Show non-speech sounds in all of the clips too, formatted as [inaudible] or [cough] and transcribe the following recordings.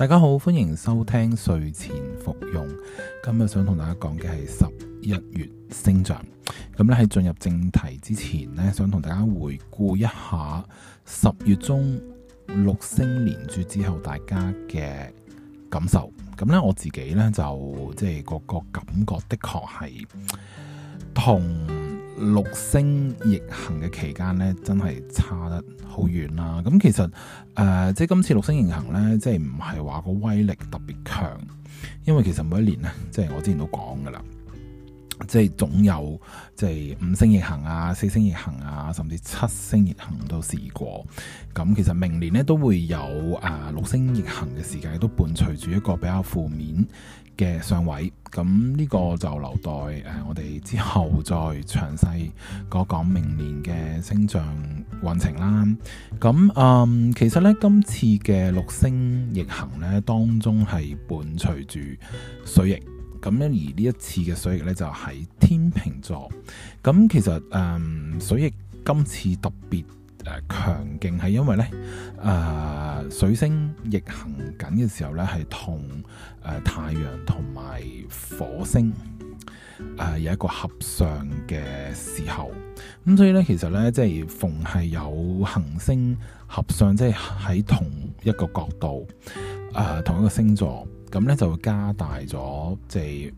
大家好，歡迎收聽睡前服用。今日想同大家講嘅係十一月星象。咁咧喺進入正題之前呢，想同大家回顧一下十月中六星連珠之後大家嘅感受。咁咧我自己呢，就即係個個感覺的確係同。六星逆行嘅期間呢，真係差得好遠啦、啊。咁其實誒、呃，即係今次六星逆行呢，即係唔係話個威力特別強，因為其實每一年呢，即係我之前都講噶啦。即係總有即係五星逆行啊、四星逆行啊，甚至七星逆行都試過。咁其實明年咧都會有誒、啊、六星逆行嘅時間，都伴隨住一個比較負面嘅上位。咁呢、這個就留待誒、啊、我哋之後再詳細講講明年嘅星象運程啦。咁嗯，其實呢，今次嘅六星逆行呢，當中係伴隨住水逆。咁咧，而呢一次嘅水逆咧就喺、是、天秤座。咁其實誒、嗯，水逆今次特別誒強勁，係因為咧誒、呃、水星逆行緊嘅時候咧，係同誒、呃、太陽同埋火星誒、呃、有一個合相嘅時候。咁所以咧，其實咧即係逢係有行星合相，即係喺同一個角度，誒、呃、同一個星座。咁咧就會加大咗即係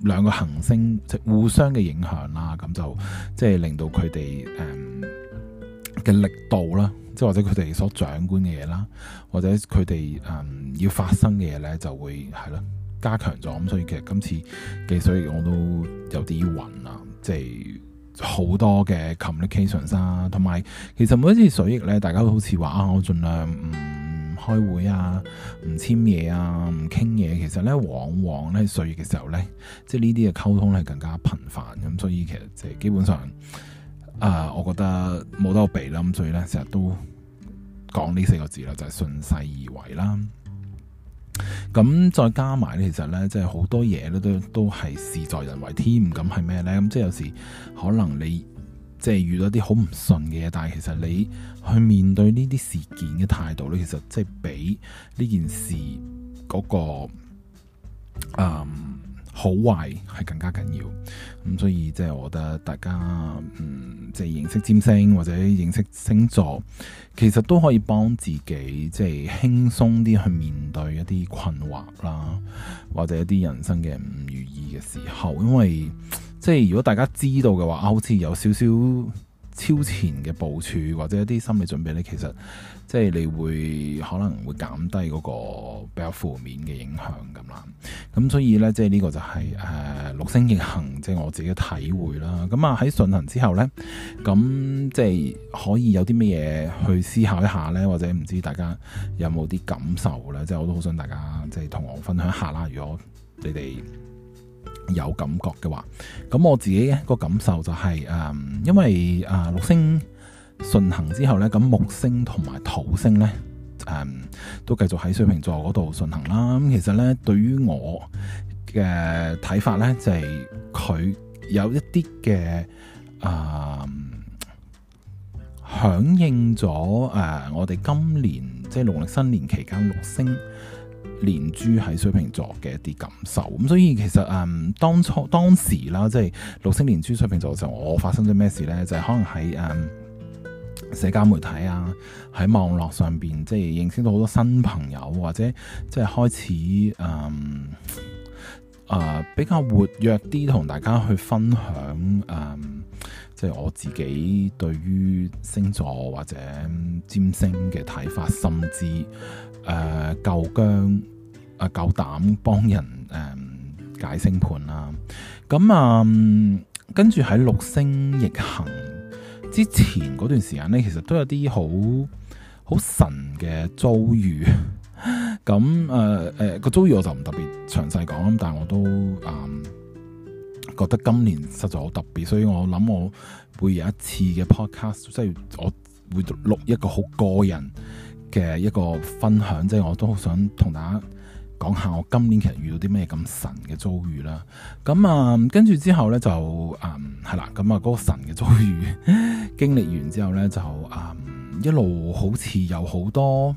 兩個行星即互相嘅影響啦，咁就即係令到佢哋誒嘅力度啦，即係或者佢哋所掌管嘅嘢啦，或者佢哋誒要發生嘅嘢咧就會係咯加強咗，咁所以其實今次嘅水逆我都有啲暈啊，即係好多嘅 communications 啦，同埋其實每一次水逆咧，大家都好似話啊，我盡量。嗯開會啊，唔簽嘢啊，唔傾嘢，其實呢，往往呢，所月歲月嘅時候呢，即係呢啲嘅溝通係更加頻繁，咁所以其實即係基本上，啊、呃，我覺得冇得避啦，咁所以呢，成日都講呢四個字啦，就係順勢而為啦。咁再加埋呢，其實呢，即係好多嘢呢都都係事在人為添，咁係咩呢？咁即係有時可能你。即係遇到一啲好唔順嘅嘢，但係其實你去面對呢啲事件嘅態度咧，其實即係比呢件事嗰個，嗯，好壞係更加緊要。咁所以即係我覺得大家嗯，即係認識占星或者認識星座，其實都可以幫自己即係輕鬆啲去面對一啲困惑啦，或者一啲人生嘅唔如意嘅時候，因為。即係如果大家知道嘅話，好似有少少超前嘅部署，或者一啲心理準備，呢其實即係你會可能會減低嗰個比較負面嘅影響咁啦。咁所以呢，即係呢個就係、是、誒、呃、六星逆行，即係我自己嘅體會啦。咁啊喺順行之後呢，咁即係可以有啲咩嘢去思考一下呢？或者唔知大家有冇啲感受呢？即係我都好想大家即係同我分享下啦。如果你哋，有感覺嘅話，咁我自己嘅個感受就係、是、誒、嗯，因為誒、呃、六星順行之後呢，咁木星同埋土星呢，誒、嗯、都繼續喺水瓶座嗰度順行啦。咁其實呢，對於我嘅睇法呢，就係、是、佢有一啲嘅誒，響應咗誒、呃、我哋今年即係、就是、農曆新年期間六星。連珠喺水瓶座嘅一啲感受，咁所以其實嗯當初當時啦，即係六星連珠水瓶座嘅時候，我發生咗咩事呢？就係、是、可能喺誒、嗯、社交媒體啊，喺網絡上邊即係認識到好多新朋友，或者即係開始誒誒、嗯呃、比較活躍啲同大家去分享誒，即、嗯、係、就是、我自己對於星座或者占星嘅睇法，甚至誒舊疆。呃夠膽幫人誒、嗯、解星盤啦，咁啊跟住喺六星逆行之前嗰段時間呢，其實都有啲好好神嘅遭遇。咁誒誒個遭遇我就唔特別詳細講，但係我都嗯覺得今年實在好特別，所以我諗我，我會有一次嘅 podcast，即係我會錄一個好個人嘅一個分享，即係我都好想同大家。講下我今年其實遇到啲咩咁神嘅遭遇啦，咁啊跟住之後呢，就啊係、嗯、啦，咁啊嗰個神嘅遭遇 [laughs] 經歷完之後呢，就啊、嗯、一路好似有好多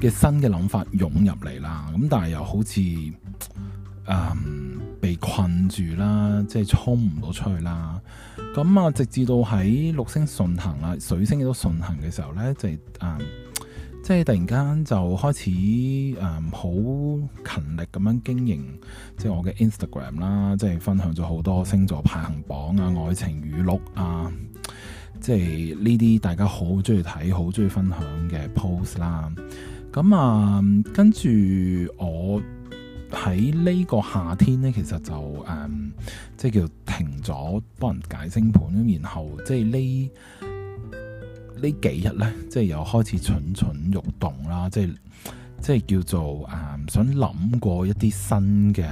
嘅新嘅諗法湧入嚟啦，咁但係又好似啊、嗯、被困住啦，即、就、係、是、衝唔到出去啦，咁、嗯、啊直至到喺六星順行啦，水星都順行嘅時候呢，就啊、是。嗯即係突然間就開始誒，好、嗯、勤力咁樣經營，即係我嘅 Instagram 啦，即係分享咗好多星座排行榜啊、愛情語錄啊，即係呢啲大家好中意睇、好中意分享嘅 post 啦。咁、嗯、啊，跟住我喺呢個夏天呢，其實就誒、嗯，即係叫停咗幫人解星盤，然後即係呢。呢幾日呢，即係又開始蠢蠢欲動啦，即係即係叫做啊、嗯，想諗過一啲新嘅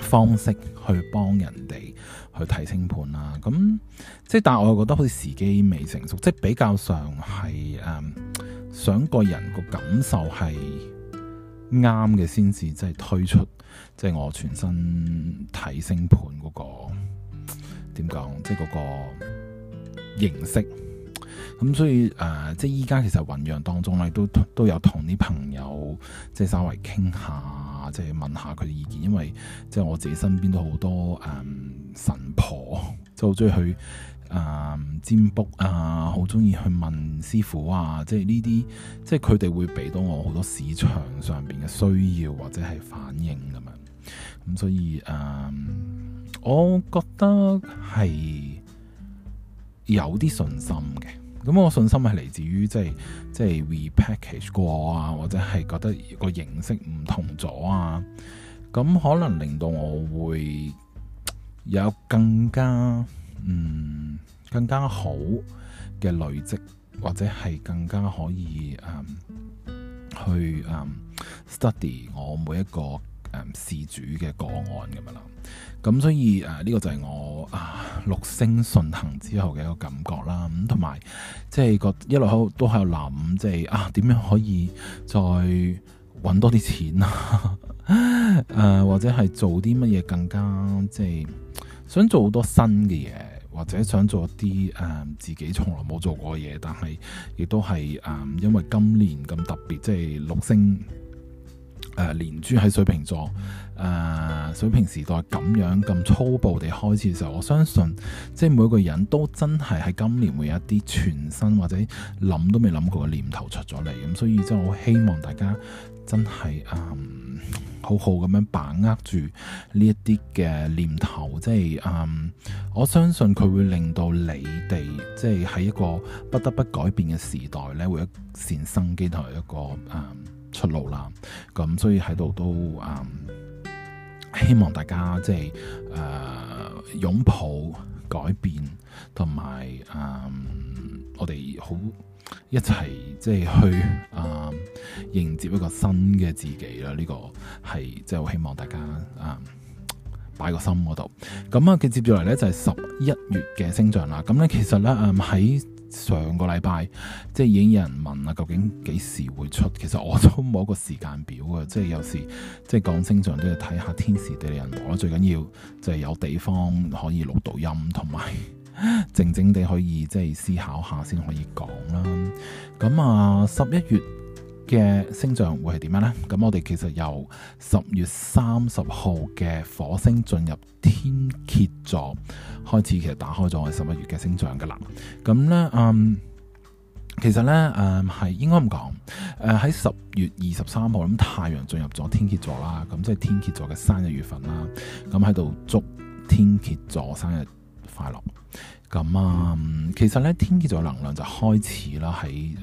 方式去幫人哋去睇星盤啦。咁即係，但係我又覺得好似時機未成熟，即係比較上係誒、嗯，想個人個感受係啱嘅先至，即係推出即係我全新睇星盤嗰、嗰個點講，即係嗰個形式。咁、嗯、所以誒、呃，即係依家其實醞釀當中咧，都都有同啲朋友即係稍微傾下，即係問下佢嘅意見，因為即係我自己身邊都好多誒、嗯、神婆，即好中意去誒、嗯、占卜啊，好中意去問師傅啊，即係呢啲即係佢哋會俾到我好多市場上邊嘅需要或者係反應咁樣。咁、嗯、所以誒、嗯，我覺得係有啲信心嘅。咁我信心係嚟自於即係即係 repackage 過啊，或者係覺得個形式唔同咗啊，咁可能令到我會有更加嗯更加好嘅累積，或者係更加可以、嗯、去、嗯、study 我每一個。事主嘅個案咁樣啦，咁所以誒呢個就係我啊六星順行之後嘅一個感覺啦，咁同埋即係覺一路都喺度諗，即係啊點樣可以再搵多啲錢啊？誒，或者係做啲乜嘢更加即係想做好多新嘅嘢，或者想做一啲誒自己從來冇做過嘅嘢，但係亦都係誒因為今年咁特別，即係六星。誒、呃、連珠喺水瓶座，誒、呃、水瓶時代咁樣咁粗暴地開始嘅時候，我相信即係每個人都真係喺今年會有一啲全新或者諗都未諗過嘅念頭出咗嚟，咁、嗯、所以真係好希望大家真係嗯好好咁樣把握住呢一啲嘅念頭，即係嗯我相信佢會令到你哋即係喺一個不得不改變嘅時代咧，會一線生機同一個誒，嗯出路啦，咁所以喺度都啊、嗯，希望大家即係誒擁抱改變，同埋誒我哋好一齊即係去啊、嗯、迎接一個新嘅自己啦。呢、這個係即係希望大家啊擺個心嗰度。咁、嗯、啊，接住嚟咧就係十一月嘅星象啦。咁、嗯、咧其實咧啊喺。嗯上個禮拜即係已經有人問啦，究竟幾時會出？其實我都冇一個時間表嘅，即係有時即係講星象都要睇下天時地利人和啦。最緊要就係有地方可以錄到音，同埋靜靜地可以即係思考下先可以講啦。咁啊，十一月。嘅星象會係點樣呢？咁我哋其實由十月三十號嘅火星進入天蠍座開始，其實打開咗我哋十一月嘅星象噶啦。咁呢，嗯，其實呢，嗯，係應該咁講。誒、呃，喺十月二十三號，咁太陽進入咗天蠍座啦。咁即係天蠍座嘅生日月份啦。咁喺度祝天蠍座生日快樂。咁啊，其實咧天蠍座能量就開始啦，喺誒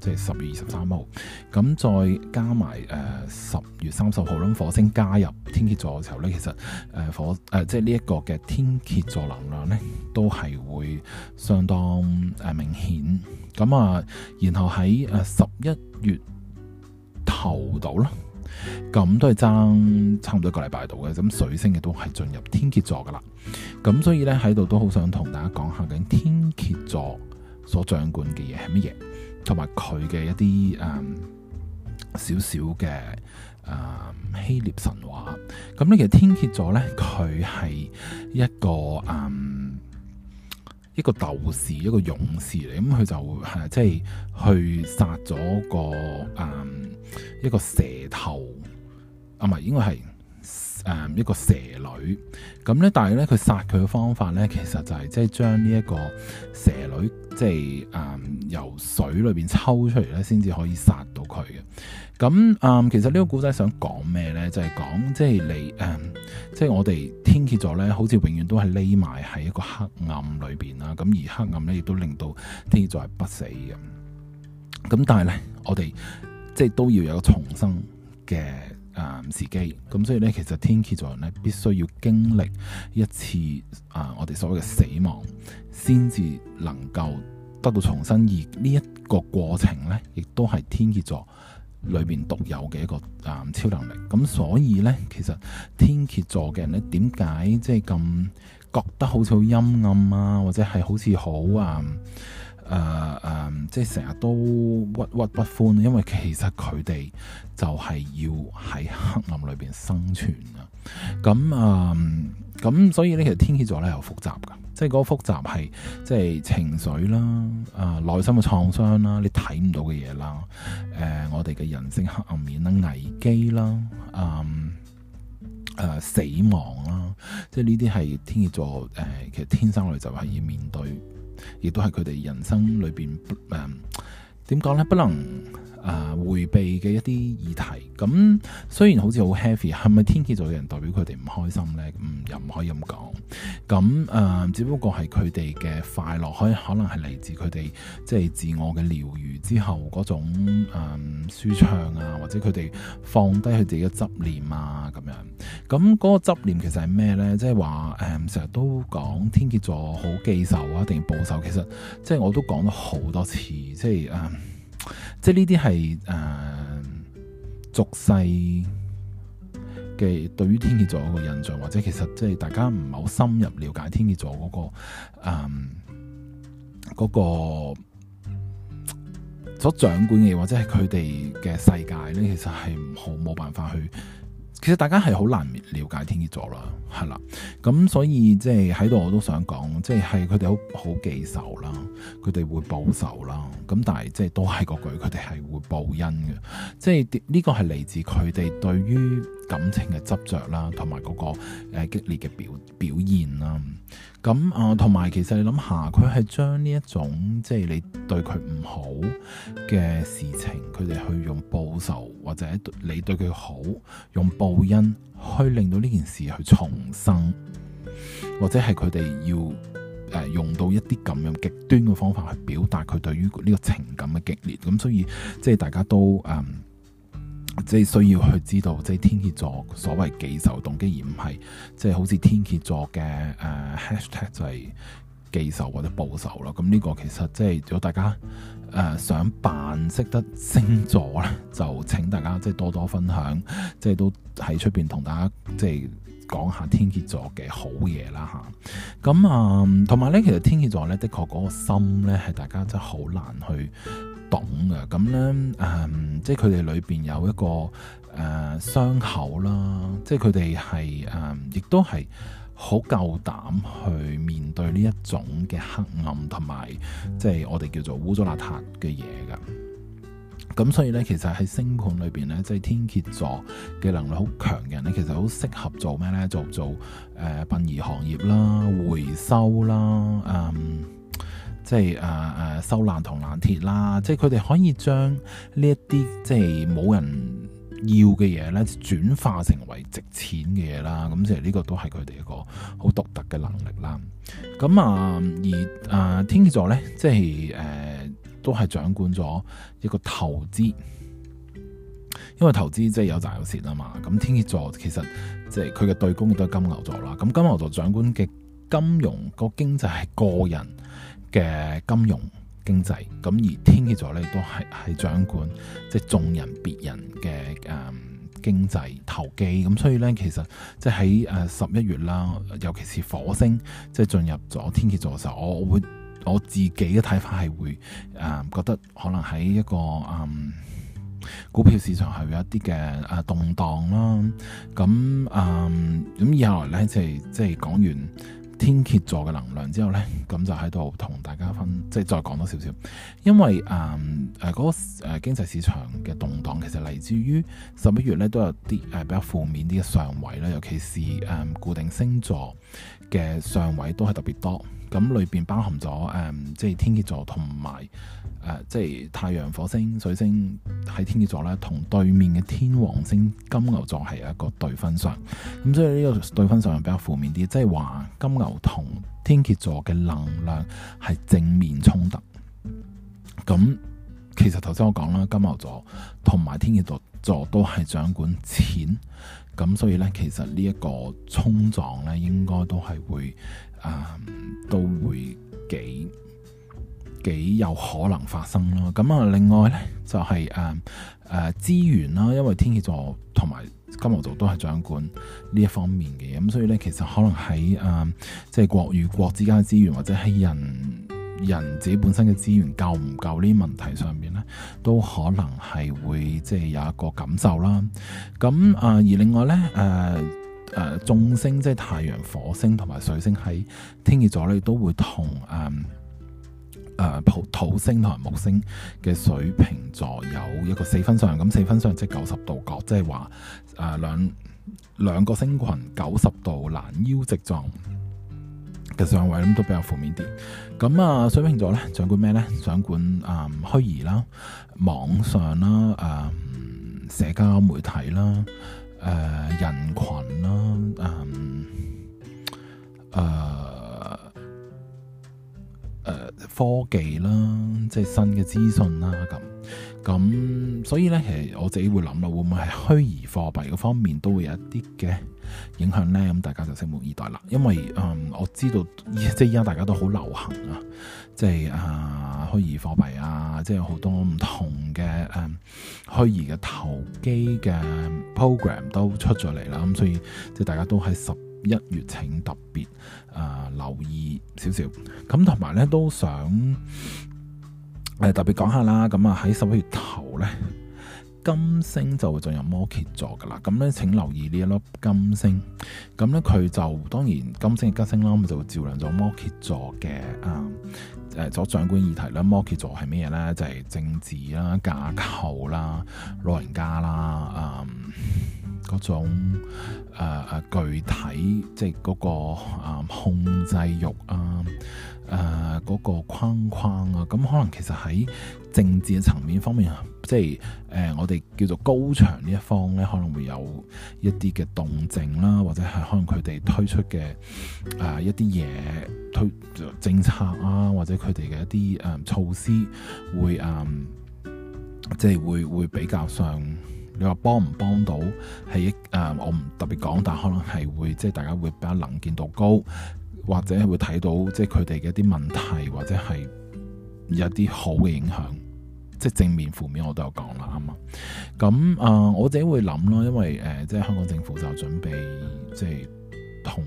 即係十月二十三號，咁再加埋誒十月三十號啦。火星加入天蠍座嘅時候咧，其實誒、呃、火誒即係呢一個嘅天蠍座能量咧，都係會相當誒明顯。咁啊、呃，然後喺誒十一月頭度啦。咁都係爭差唔多一個禮拜度嘅，咁水星亦都係進入天蠍座噶啦，咁所以呢，喺度都好想同大家講下究竟天蠍座所掌管嘅嘢係乜嘢，同埋佢嘅一啲誒少少嘅誒希臘神話，咁呢其實天蠍座呢，佢係一個誒。嗯一個鬥士，一個勇士嚟，咁佢就係即係去殺咗個誒、嗯、一個蛇頭，啊，唔係，應該係誒、嗯、一個蛇女，咁咧，但係咧佢殺佢嘅方法咧，其實就係即係將呢一個蛇女即係誒由水裏邊抽出嚟咧，先至可以殺。咁誒、嗯，其實呢個故仔想講咩呢？就係講即係你誒，即係、嗯、我哋天蠍座呢，好似永遠都係匿埋喺一個黑暗裏邊啦。咁而黑暗呢，亦都令到天蠍座係不死嘅。咁、嗯、但係呢，我哋即係都要有重生嘅誒、嗯、時機。咁所以呢，其實天蠍座人呢，必須要經歷一次啊、呃，我哋所謂嘅死亡，先至能夠得到重生。而呢一個過程呢，亦都係天蠍座。裏面獨有嘅一個誒、嗯、超能力，咁所以呢，其實天蠍座嘅人呢，點解即係咁覺得好似好陰暗啊，或者係好似好啊，嗯誒誒，uh, um, 即係成日都屈屈不歡，因為其實佢哋就係要喺黑暗裏邊生存啊。咁啊，咁、um, 所以咧，其實天蠍座咧有複雜噶，即係嗰個複雜係，即係情緒啦，啊、呃，內心嘅創傷啦，你睇唔到嘅嘢啦，誒、呃，我哋嘅人性黑暗面啦，危機啦，嗯，誒，死亡啦，即係呢啲係天蠍座，誒、呃，其實天生嚟就係要面對。亦都係佢哋人生裏邊，誒點講呢？不能。啊，迴避嘅一啲議題，咁雖然好似好 heavy，係咪天蠍座嘅人代表佢哋唔開心呢？嗯，又唔可以咁講，咁啊、呃，只不過係佢哋嘅快樂，可可能係嚟自佢哋即係自我嘅療愈之後嗰種、呃、舒暢啊，或者佢哋放低佢自己嘅執念啊咁樣。咁嗰個執念其實係咩呢？即係話誒，成、呃、日都講天蠍座好記仇啊，一定要報仇。其實即係我都講咗好多次，即係啊。呃即係呢啲係誒、俗、呃、世嘅對於天蠍座嗰個印象，或者其實即係大家唔係好深入了解天蠍座嗰、嗰個誒、呃嗰個所掌管嘅，或者係佢哋嘅世界咧，其實係好冇辦法去。其實大家係好難了解天蠍座啦，係啦，咁所以即係喺度我都想講，即係佢哋好好記仇啦，佢哋會報仇啦，咁但係即係都係個句，佢哋係會報恩嘅，即係呢個係嚟自佢哋對於。感情嘅執着啦，同埋嗰個誒激烈嘅表表現啦。咁啊，同埋其實你諗下，佢係將呢一種即係你對佢唔好嘅事情，佢哋去用報仇，或者你對佢好用報恩，去令到呢件事去重生，或者係佢哋要誒用到一啲咁樣極端嘅方法去表達佢對於呢個情感嘅激烈。咁所以即係大家都誒，嗯即係需要去知道，即係天蠍座所謂記仇動機，而唔係即係好似天蠍座嘅誒、呃、就係記仇或者報仇啦。咁呢個其實即係如果大家誒、呃、想扮識得星座咧，就請大家即係多多分享，即係都喺出邊同大家即係講下天蠍座嘅好嘢啦吓。咁啊，同埋咧，其實天蠍座咧的確嗰個心咧，係大家真係好難去。懂嘅，咁咧，誒，即係佢哋裏邊有一個誒傷、呃、口啦，即係佢哋係誒，亦都係好夠膽去面對呢一種嘅黑暗，同埋即係我哋叫做污糟邋遢嘅嘢㗎。咁所以咧，其實喺星盤裏邊咧，即係天蠍座嘅能力好強嘅人咧，其實好適合做咩咧？做做誒殯儀行業啦，回收啦，嗯。即係誒誒收爛銅爛鐵啦，即係佢哋可以將呢一啲即係冇人要嘅嘢咧，轉化成為值錢嘅嘢啦。咁、嗯、即係呢個都係佢哋一個好獨特嘅能力啦。咁啊，而誒、啊、天蠍座咧，即係誒、呃、都係掌管咗一個投資，因為投資即係有賺有蝕啊嘛。咁天蠍座其實即係佢嘅對宮都係金牛座啦。咁金牛座掌管嘅金融個經濟係個人嘅金融經濟，咁而天蝎座咧都係係掌管即係眾人別人嘅誒、嗯、經濟投機，咁所以咧其實即係喺誒十一月啦，尤其是火星即係進入咗天蠍座嘅時候，我會我自己嘅睇法係會誒、呃、覺得可能喺一個嗯股票市場係會有一啲嘅啊動盪啦，咁嗯咁、嗯、以後咧即係即係講完。天蠍座嘅能量之後呢，咁就喺度同大家分，即係再講多少少，因為誒誒嗰個誒經濟市場嘅動盪其實嚟自於十一月呢，都有啲誒比較負面啲嘅上位啦，尤其是誒、嗯、固定星座嘅上位都係特別多。咁裏邊包含咗誒、嗯，即係天蠍座同埋誒，即係太陽火星水星喺天蠍座咧，同對面嘅天王星金牛座係一個對分相。咁所以呢個對分相又比較負面啲，即係話金牛同天蠍座嘅能量係正面衝突。咁其實頭先我講啦，金牛座同埋天蠍座座都係掌管錢，咁所以呢，其實呢一個衝撞呢，應該都係會。啊，都會幾幾有可能發生咯。咁啊，另外呢，就係、是、啊誒資、啊、源啦，因為天蠍座同埋金牛座都係掌管呢一方面嘅，咁、啊、所以呢，其實可能喺啊即係、就是、國與國之間嘅資源，或者喺人人自己本身嘅資源夠唔夠呢問題上面呢，都可能係會即係、就是、有一個感受啦。咁啊，啊，而另外呢。誒、啊。誒，眾、呃、星即係太陽、火星同埋水星喺天蠍座咧，都會同誒誒土星同埋木星嘅水瓶座有一個四分相，咁四分相即係九十度角，即係話誒兩兩個星群九十度攔腰直撞嘅相位，咁都比較負面啲。咁啊，水瓶座咧掌管咩咧？掌管誒虛擬啦、網上啦、誒、呃、社交媒體啦。呃誒、呃，人群啦，啊。呃科技啦，即係新嘅資訊啦，咁咁，所以咧，其實我自己會諗啦，會唔會係虛擬貨幣嗰方面都會有一啲嘅影響咧？咁大家就拭目以待啦。因為嗯，我知道即係依家大家都好流行啊，即係啊虛擬貨幣啊，即係好多唔同嘅誒、嗯、虛擬嘅投機嘅 program 都出咗嚟啦。咁、嗯、所以即係大家都喺十一月請特別誒、呃、留意少少，咁同埋咧都想誒特別講下啦。咁啊喺十一月頭咧，金星就會進入摩羯座噶啦。咁、啊、咧請留意呢一粒金星。咁咧佢就當然金星嘅吉星啦，咁就會照亮咗摩羯座嘅誒誒左掌管議題啦。摩羯座係咩嘢咧？就係、是、政治啦、架構啦、老人家啦，誒、啊。嗰種誒、呃、具體，即係嗰、嗰個、呃、控制欲啊，誒、呃、嗰、嗰個框框啊，咁可能其實喺政治嘅層面方面，即係誒、呃、我哋叫做高牆呢一方咧，可能會有一啲嘅動靜啦，或者係可能佢哋推出嘅誒、呃、一啲嘢推政策啊，或者佢哋嘅一啲誒、呃、措施會誒、呃，即係會會比較上。你話幫唔幫到係誒、呃？我唔特別講，但可能係會即係大家會比較能見度高，或者係會睇到即係佢哋嘅一啲問題，或者係有啲好嘅影響，即係正面、負面，我都有講啦。啊嘛，咁啊、呃，我自己會諗啦，因為誒、呃，即係香港政府就準備即係同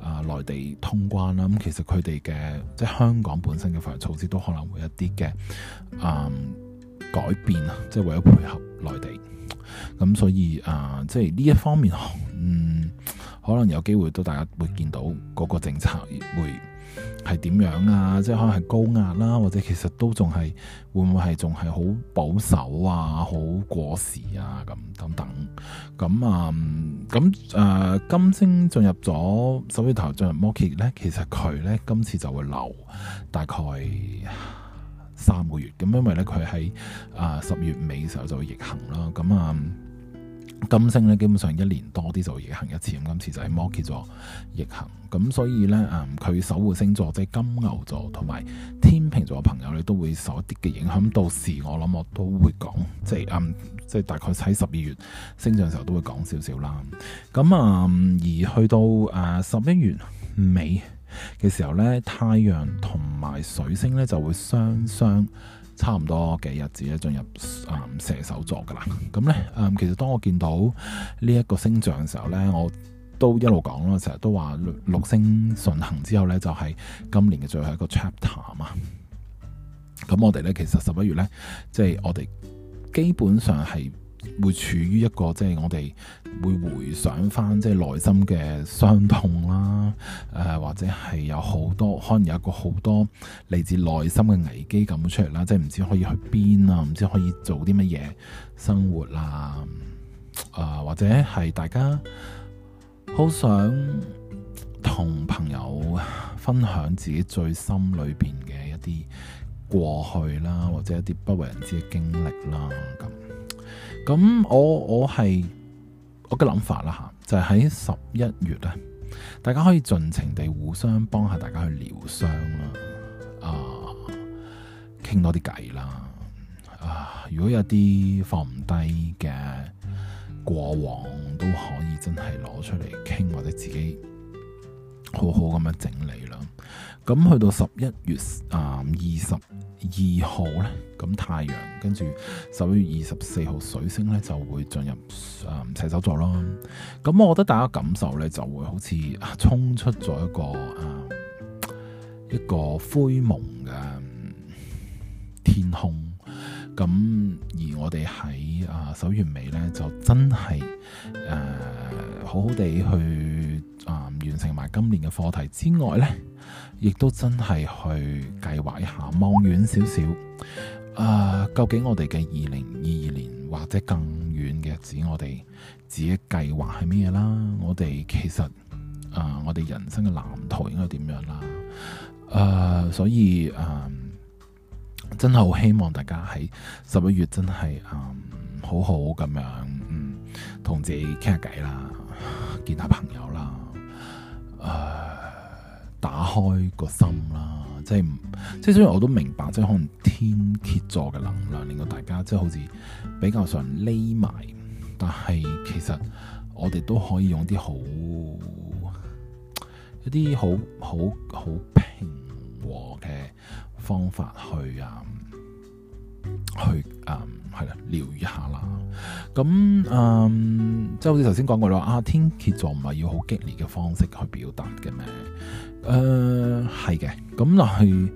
啊內地通關啦。咁其實佢哋嘅即係香港本身嘅防疫措施都可能會一啲嘅啊改變啊，即係為咗配合內地。咁所以啊、呃，即係呢一方面，嗯，可能有機會都大家會見到嗰個政策會係點樣啊，即係可能係高壓啦，或者其實都仲係會唔會係仲係好保守啊，好過時啊，咁等等。咁啊，咁、嗯、誒，金、呃、星進入咗手尾頭進入摩羯咧，其實佢咧今次就會留大概。三個月咁，因為咧佢喺啊十月尾時候就會逆行啦。咁、嗯、啊金星咧，基本上一年多啲就會逆行一次咁、嗯，今次就係摩羯座逆行。咁、嗯、所以咧，啊、嗯、佢守護星座即係金牛座同埋天秤座嘅朋友咧，都會受一啲嘅影響。到時我諗我都會講，即係嗯，即係大概喺十二月升上嘅時候都會講少少啦。咁、嗯、啊，而去到啊、呃、十一月尾。嘅時候咧，太陽同埋水星咧就會雙雙差唔多嘅日子咧進入啊射手座噶啦。咁咧，嗯，其實當我見到呢一個星象嘅時候咧，我都一路講咯，成日都話六星順行之後咧就係今年嘅最後一個 chapter 啊。咁我哋咧，其實十一月咧，即係我哋基本上係。會處於一個即係我哋會回想翻，即係內心嘅傷痛啦，誒、呃、或者係有好多可能有一個好多嚟自內心嘅危機感出嚟啦，即係唔知可以去邊啊，唔知可以做啲乜嘢生活啦，啊，啊、呃、或者係大家好想同朋友分享自己最心裏邊嘅一啲過去啦，或者一啲不為人知嘅經歷啦咁。咁我我係我嘅諗法啦吓，就係喺十一月咧，大家可以盡情地互相幫下大家去療傷啦，啊，傾多啲偈啦，啊，如果有啲放唔低嘅過往，都可以真係攞出嚟傾，或者自己。好好咁樣整理啦，咁去到十一月啊二十二號呢，咁太陽跟住十一月二十四號水星呢就會進入啊、呃、射手座咯，咁我覺得大家感受呢就會好似衝出咗一個啊、呃、一個灰蒙嘅天空，咁而我哋喺啊十一月尾呢，就真係誒、呃、好好地去。啊、嗯，完成埋今年嘅課題之外呢，亦都真係去計劃一下，望遠少少。誒、呃，究竟我哋嘅二零二二年或者更遠嘅日子，我哋自己計劃係咩啦？我哋其實誒、呃，我哋人生嘅藍圖應該點樣啦？誒、呃，所以誒、呃，真係好希望大家喺十一月真係誒、呃，好好咁樣，嗯，同自己傾下偈啦，見下朋友啦。誒，打開個心啦，即係即係雖然我都明白，即係可能天蠍座嘅能量令到大家即係好似比較上匿埋，但係其實我哋都可以用啲好一啲好好好平和嘅方法去啊。去誒，係、嗯、啦，療愈下啦。咁誒，即、嗯、係好似頭先講過啦，阿天蠍座唔係要好激烈嘅方式去表達嘅咩？誒、呃，係嘅。咁就係誒，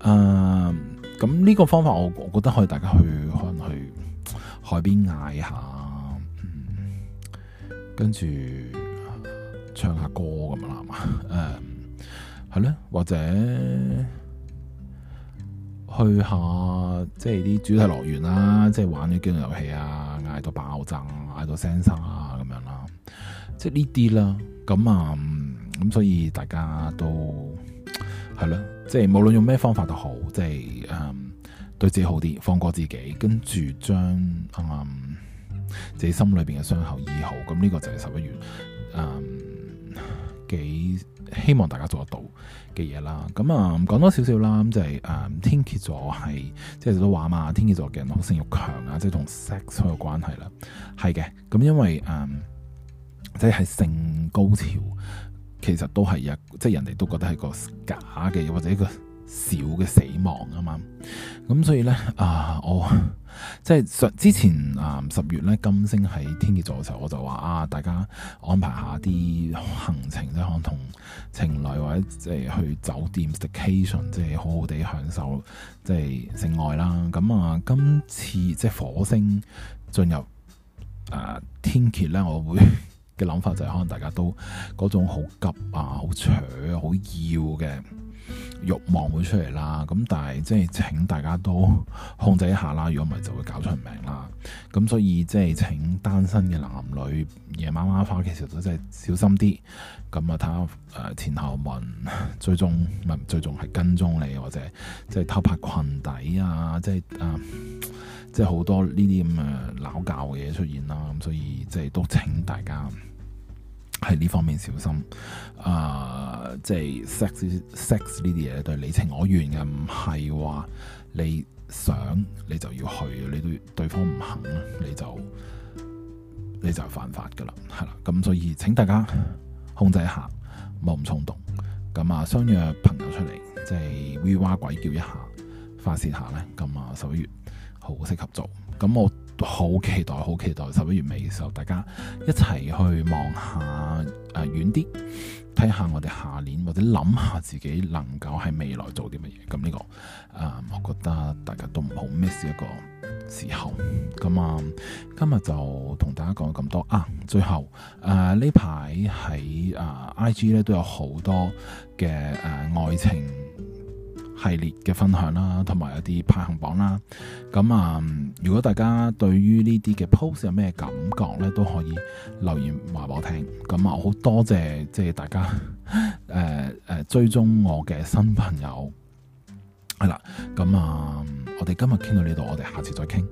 咁、呃、呢個方法我我覺得可以大家去可能去海邊嗌下，跟、嗯、住唱下歌咁啦嘛。誒、嗯，係咯，或者。去下即係啲主題樂園啦，即係玩啲機動遊戲啊，嗌到爆炸，啊，嗌到聲沙咁樣啦、啊，即係呢啲啦。咁啊，咁、嗯、所以大家都係咯，即係無論用咩方法都好，即係誒、嗯、對自己好啲，放過自己，跟住將誒自己心裏邊嘅傷口醫好。咁呢個就係十一月誒。嗯幾希望大家做得到嘅嘢啦，咁啊講多少少啦，咁就係、是、誒、嗯、天蠍座係即係好多話嘛，天蠍座嘅人好性欲強啊，即係同 sex 好有關係啦，係嘅，咁、嗯、因為誒、嗯、即係性高潮其實都係即係人哋都覺得係個假嘅，或者一個少嘅死亡啊嘛，咁所以咧啊，我即係之前啊十月咧，金星喺天蠍座嘅時候，我就話啊，大家安排下啲行程，即可能同情侶或者即係去酒店 staycation，即係好好地享受即係性愛啦。咁啊，今次即係火星進入啊天蠍咧，我會嘅諗法就係可能大家都嗰種好急啊、好扯、好要嘅。欲望會出嚟啦，咁但係即係請大家都控制一下啦，如果唔係就會搞出人命啦。咁所以即係請單身嘅男女夜媽媽花其實都真係小心啲。咁啊，睇下、呃、誒前後問，最終咪最終係跟蹤你，或者即係偷拍裙底啊，即係誒、呃，即係好多呢啲咁嘅鬧交嘅嘢出現啦。咁所以即係都請大家。喺呢方面小心，啊、呃，即係 sex sex 呢啲嘢，係你情我願嘅，唔係話你想你就要去，你對對方唔肯，你就你就犯法噶啦，係啦。咁所以請大家控制一下，唔好咁衝動。咁啊，相約朋友出嚟，即係 we 哇鬼叫一下，發泄下呢。咁啊，十一月好適合做。咁我。好期待，好期待十一月尾嘅時候，大家一齊去望下誒遠啲，睇、呃、下我哋下年或者諗下自己能夠喺未來做啲乜嘢。咁呢、這個誒、呃，我覺得大家都唔好 miss 一個時候。咁、嗯、啊、嗯，今日就同大家講咁多啊。最後誒呢排喺誒 IG 咧，都有好多嘅誒、呃、愛情，系列嘅分享啦，同埋一啲排行榜啦。咁啊，如果大家對於呢啲嘅 post 有咩感覺呢，都可以留言話我聽。咁啊，好多謝即係大家誒誒、呃呃、追蹤我嘅新朋友。係啦，咁啊，我哋今日傾到呢度，我哋下次再傾。